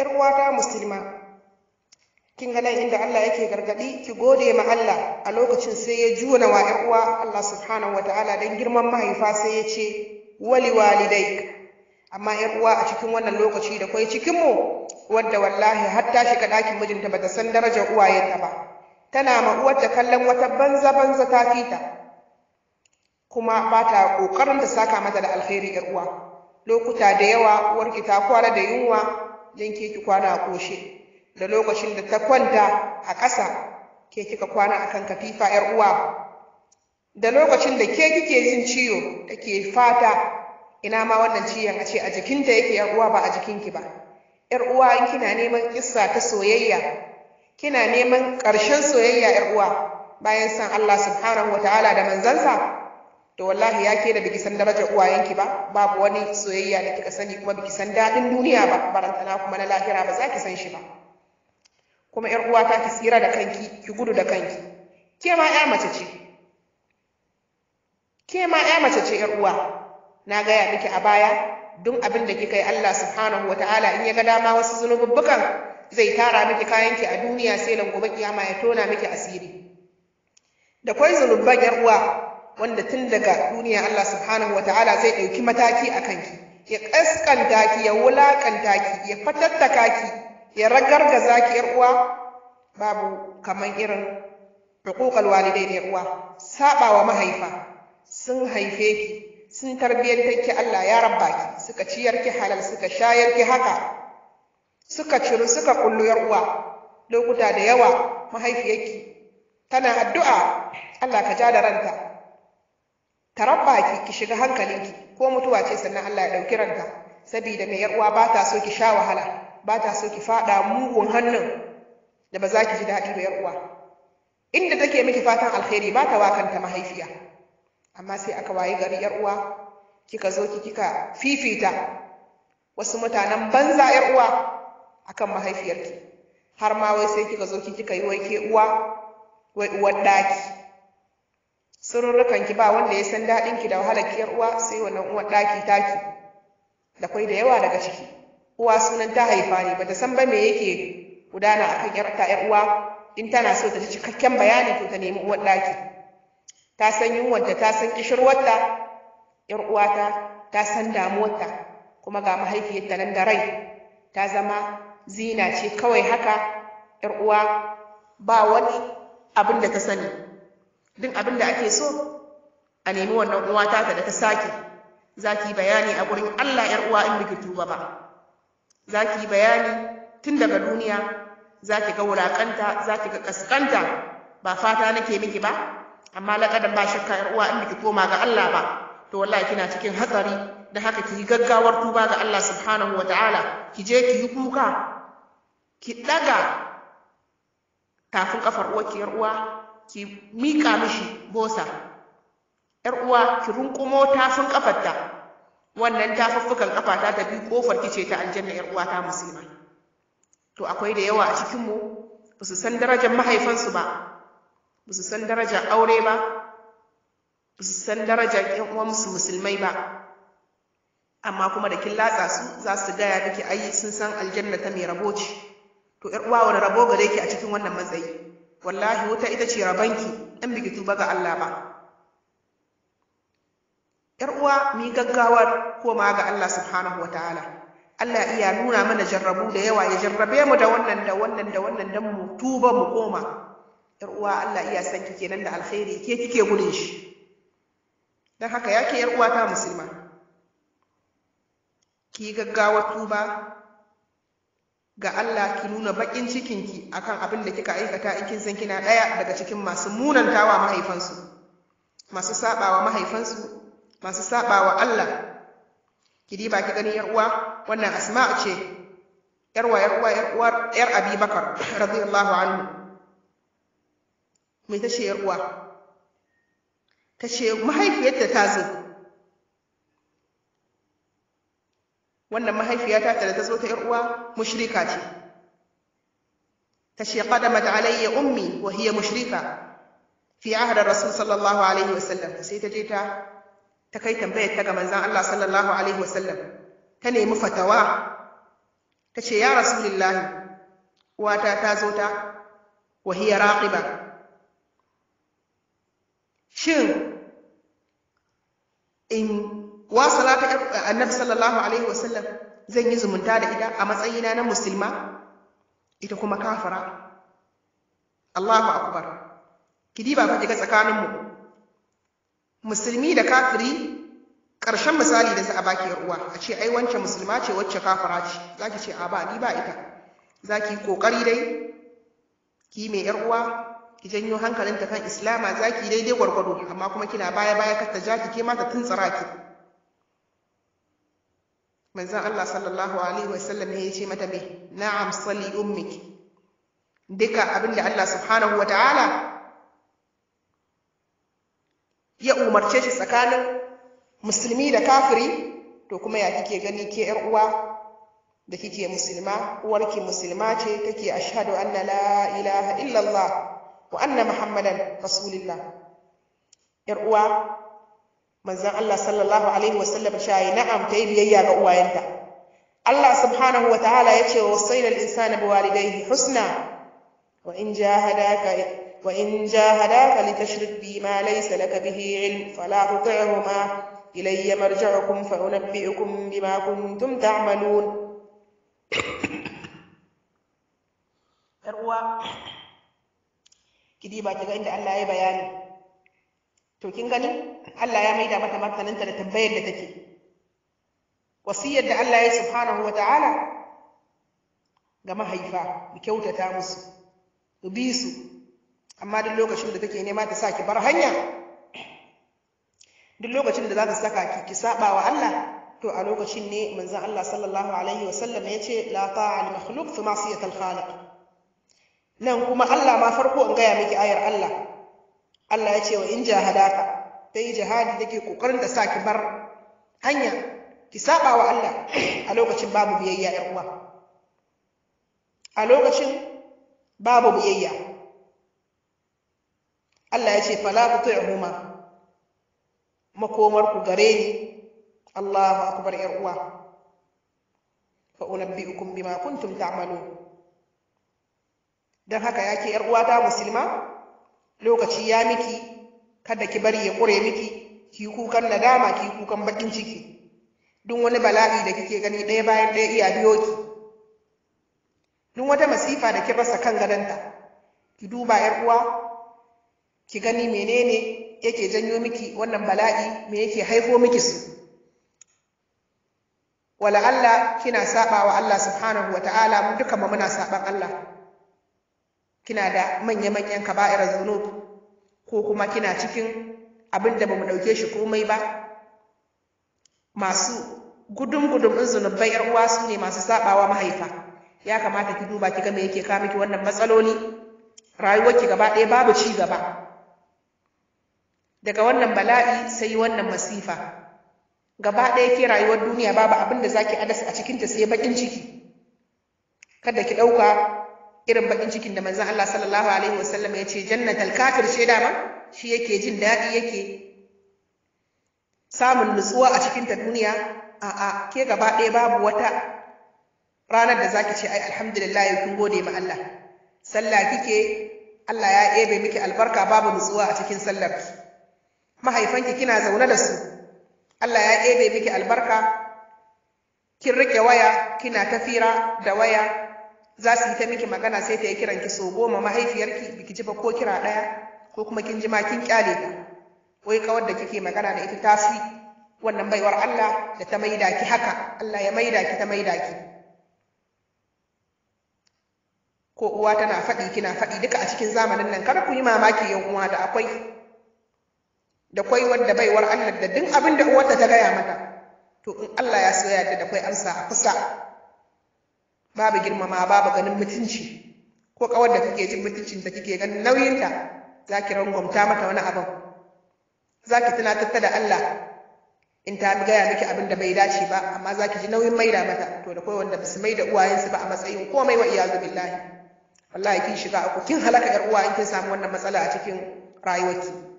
'yar uwata musulma kin ga nan inda Allah yake gargadi ki gode ma Allah a lokacin sai ya juna wa ƴan uwa Allah subhanahu wataala dan girman mahaifa sai ya ce wali walidai amma yar uwa a cikin wannan lokaci da kwai cikin mu wadda wallahi har ta shiga ɗakin mijinta bata san darajar uwayenta ba tana ma uwarta kallon wata banza banza ta fita kuma ba ta kokarin ta saka mata da alkhairi ƴar uwa lokuta da yawa uwarki ta kwana da yunwa yanke ki kwana a koshe da lokacin da ta kwanta a ƙasa ke kika kwana a kan katifa ‘yar uwa da lokacin da ke kike jin ciwo take fata ina ma wannan ciyan a ce a jikinta yake ‘yar uwa ba a jikinki ba ‘yar uwa in kina neman kissa ta soyayya kina neman ƙarshen soyayya ‘yar uwa bayan san Allah subhanahu wa ta'ala da manzansa to wallahi ya ke da biki san darajar uwayenki ba babu wani soyayya da kika sani kuma biki san dadin duniya ba barantana kuma na lahira ba za ki san shi ba kuma yar uwata ki tsira da kanki ki gudu da kanki ke ma ya mace ce ke ma ya mace ce yar uwa na gaya miki a baya duk abin da kika yi Allah subhanahu wa ta'ala in ya ga dama wasu zunububbukan zai tara miki kayanki a duniya sai lan gobe kiyama ya tona miki asiri da kwai zunubban yar uwa wanda tun daga duniya Allah subhanahu wa ta'ala zai ɗauki mataki a kanki ya ƙaskanta ki ya wulaƙanta ki ya fatattaka ki ya ragargaza ki yar uwa babu kaman irin huquqal walidai da uwa saba wa mahaifa sun haife ki sun tarbiyyantar ki Allah ya rabba ki suka ciyar ki halal suka shayar ki haka suka ciru suka kullu uwa lokuta da yawa mahaifiyarki tana addu'a Allah ka ja da ranta rabba ki ki shiga hankalinki ko mutuwa ce sannan Allah ya ɗauki ranka saboda mai uwa ba ta so ki sha wahala ba ta so ki faɗa mugun hannun da ba za ki ji daɗi ba yar'uwa inda take miki fatan alheri ba ta wakanta mahaifiya amma sai aka wayi gari yar uwa kika zo ki kika fifita wasu mutanen banza yar uwa akan mahaifiyarki har ma wai sai kika zo ki kika yi wai ke uwa wai uwar ɗaki sururrukan ki ba wanda ya san daɗin ki da wahalar ki uwa sai wannan uwarɗaki ɗaki taki da kwai da yawa daga ciki uwa sunan ta haifa ne bata san ba me yake gudana akan yar ta yar uwa in tana so ta ji cikakken bayani to ta nemi uwar ɗaki ta san yunwarta ta san kishirwarta yar uwata ta san damuwarta kuma ga mahaifiyarta nan da rai ta zama zina ce kawai haka yar uwa ba wani abin da ta sani duk abin da ake so a nemi wannan uwa ta da ta sake za ki bayani a gurin Allah ‘yar uwa in biki tuba ba za ki bayani tun daga duniya za ki ga wulakanta za ki ga ƙasƙanta ba fata nake miki ba amma laƙadan ba shakka ‘yar uwa in biki koma ga Allah ba to wallahi kina cikin hatsari da haka kiyi gaggawar tuba ga Allah subhanahu wa ta'ala ki je ki yi kuka ki ɗaga kafin ƙafar uwa ki ‘yar uwa ki miƙa mishi bosa ‘yar uwa ki rinkumo tafin kafarta wannan tafuffukan kafa ta tafi, kofar ki ce ta aljanna ‘yar uwa ta musulma to akwai da yawa a cikinmu ba su san darajar mahaifansu ba ba su san darajar aure ba ba su san darajar ‘yan uwansu musulmai ba amma kuma da kin latsa su za su gaya miki ai sun san aljanna ta mai rabo ce to ‘yar uwa wani rabo gare ki a cikin wannan matsayi wallahi wuta ita ce rabanki ɗan biki tuba ga Allah ba yar uwa mi gaggawar koma ga Allah subhanahu wataala Allah iya nuna mana jarrabu da yawa ya jarrabe mu da wannan da wannan da wannan don mu tuba mu koma yar uwa Allah iya san kike nan da alkhairi ke kike gudun shi Don haka yake yar uwa ta musulma ki gaggawar tuba ga Allah ki nuna bakin cikinki akan abin da kika aikata in kin san kina ɗaya daga cikin masu munantawa mahaifansu masu sabawa mahaifansu masu sabawa Allah ki diba ki gani yar uwa wannan asma ce yar wa yar uwa yar uwa yar Abi Bakar radiyallahu anhu me tace yar uwa tace mahaifiyarta ta zo wannan mahaifiyata ta da ta zo ta uwa mushrika ce ta ce qadamat alayya ummi wa hiya mushrika fi ahd rasul sallallahu alaihi sallam. sai ta je ta ta kai tambayar ta ga manzon Allah sallallahu alaihi sallam. ta nemi fatawa ta ce ya rasulullahi uwata ta zo ta wa hiya raqiba shin in wa salatu annabi sallallahu alaihi sallam zan yi zumunta da ita a matsayina na musulma ita kuma kafira Allahu akbar kidiba fa diga tsakanin mu musulmi da kafiri ƙarshen misali da sa a baki uwa a ce ai wance musulma ce wacce kafira ce zaki ce a ba ni ba ita zaki kokari dai ki mai yar uwa ki janyo hankalinta kan islama zaki dai gwargwado amma kuma kina baya baya ka ta jaki ki ke ma ta tuntsara ki manzon Allah sallallahu alaihi wasallam ya ce mata me na'am sali ummiki duka abinda Allah subhanahu wa ta'ala ya umarce shi tsakanin musulmi da kafiri to kuma ya kike gani ke yar uwa da kike musulma uwarki musulma ce take ashhadu anna la ilaha illallah wa anna muhammadan rasulillah yar uwa manzon Allah sallallahu alaihi wasallam cewa na'am ta yi biyayya ga uwayenta Allah subhanahu wa ta'ala ya ce wa wasaila al-insana bi walidayhi husna wa in jahadaka wa in jahadaka li tashrik bi ma laysa laka bihi ilm fala علم ilayya تطعهما fa unabbi'ukum bima kuntum ta'malun تعملون uwa kidi ba ta ga inda Allah ya bayani to kin gani Allah ya maida mata martaninta da tambayar da take wasiyar da Allah ya subhanahu wa ta'ala ga mahaifa mu kyautata musu mu bi su amma duk lokacin da take nema ta saki bar hanya duk lokacin da za ta saka ki ki saba wa Allah to a lokacin ne manzon Allah sallallahu alaihi wa sallam ya ce la ta'al al makhluq fi ma'siyati al khaliq nan kuma Allah ma farko in gaya miki ayar Allah Allah ya ce wa in jahadaka ta yi jihadi take kokarin da sa ki bar hanya ki saba wa Allah a lokacin babu biyayya ƴan uwa a lokacin babu biyayya Allah ya ce fala tuti'huma makomar ku gare ni Allahu akbar ƴan uwa fa unabbi'ukum bima kuntum ta'malun dan haka yake ƴar uwa ta musulma lokaci ya miki kada ki bari ya ƙure miki ki kukan nadama ki kukan baƙin ciki duk wani bala'i da kike gani ɗaya bayan ɗaya iya biyo ki duk wata masifa da ki basa kan gadonta ki duba yar uwa ki gani menene yake janyo miki wannan bala'i me yake haifo miki su wala Allah kina saba wa Allah subhanahu wa ta'ala mu duka muna saban Allah kina da manya-manyan kaba'irar zunub ko kuma kina cikin abin da ba mu ɗauke shi komai ba masu gudun-gudun in zunubai yar uwa su ne masu sabawa mahaifa ya kamata ki duba ki ga me yake kawo miki wannan matsaloli rayuwarki gaba ɗaya babu ci gaba daga wannan bala'i sai wannan masifa gaba ɗaya ke rayuwar duniya babu abin da zaki adasa a cikinta sai bakin ciki kada ki ɗauka irin bakin cikin da manzon Allah sallallahu alaihi wasallam ya ce jannatal kafir ce dama shi yake jin daɗi yake samun nutsuwa a cikin ta duniya a'a ke gaba ɗaya babu wata ranar da zaki ce ai alhamdulillah ya kun gode ma Allah sallah kike Allah ya ebe miki albarka babu nutsuwa a cikin sallar mahaifanki kina zaune da su Allah ya ebe miki albarka kin rike waya kina tafira da waya za su yi ta miki magana sai ta yi kiran ki so goma mahaifiyarki biki ji ba ko kira ɗaya ko kuma kin ji ma kin kyale ta wai kawar da kike magana da ita ta fi wannan baiwar Allah da ta maida ki haka Allah ya maida ki ta maida ki ko uwa tana faɗi kina faɗi duka a cikin zamanin nan kar ku yi mamaki yan uwa da akwai da kwai wanda baiwar Allah da duk abin da uwarta ta gaya mata to in Allah ya so ya da kwai amsa a kusa babu girmama babu ganin mutunci ko kawar da kake jin mutuncin da kike ganin nauyinta za ki rangwamta mata wani abin za ki tunatar da Allah in ta gaya miki abin da bai dace ba amma za ki ji nauyin maida mata to da koi wanda basu maida uwayensu ba a matsayin komai wa iyazu billahi wallahi kin shiga uku kin halaka yar uwa in kin samu wannan matsala a cikin rayuwarki